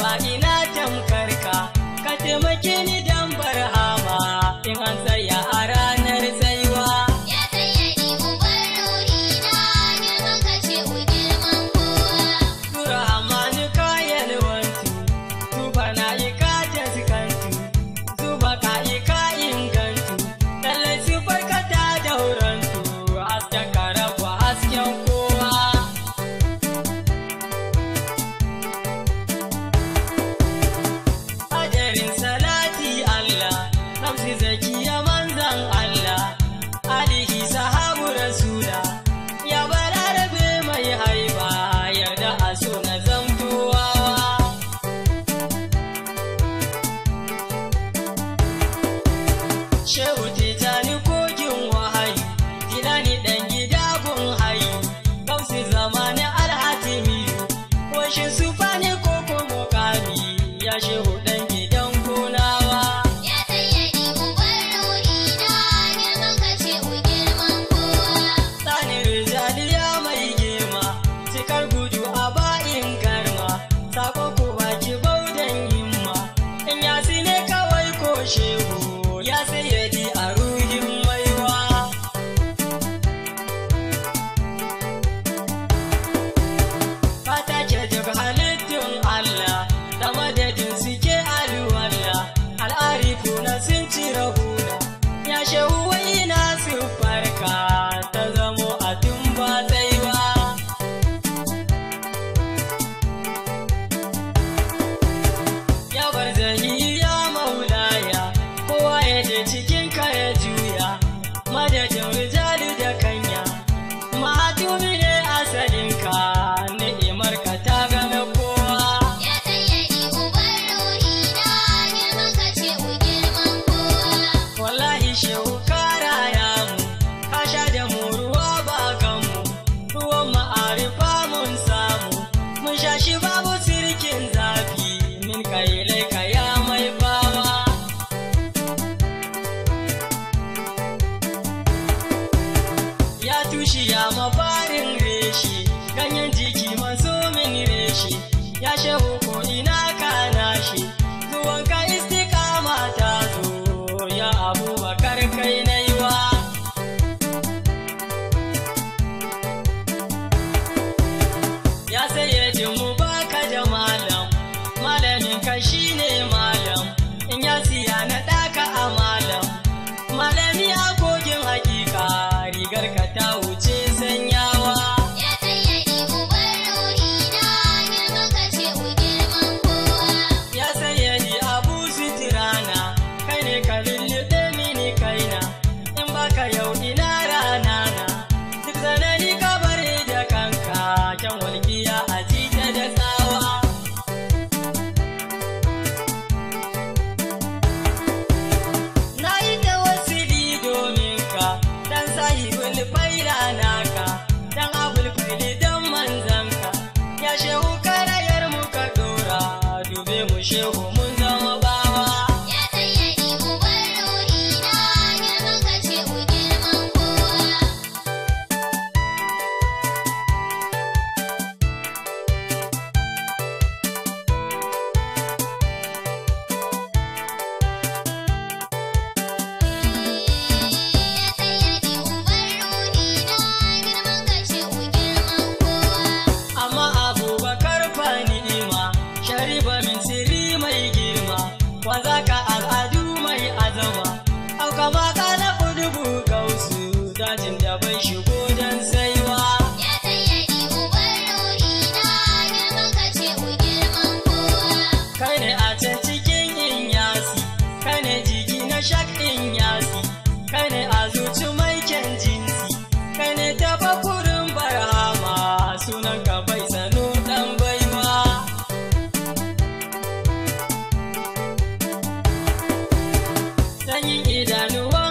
ba ina tamkar ka ka taimake ni dan hama, in an tsaya a ranar tsayuwa ya tsaya ni ubar na ne maka ce u girman kowa turhamani kayan wanti tubana ika chill shi mu shehu Ka al'adu mai azama auka baka na kudubu gausu dajin da bai shigo don saiwa ya sayyadi uban ruhi na da maka ce ku girman kowa kai ne a can cikin yin yasi kai ne jiki na shakki I know.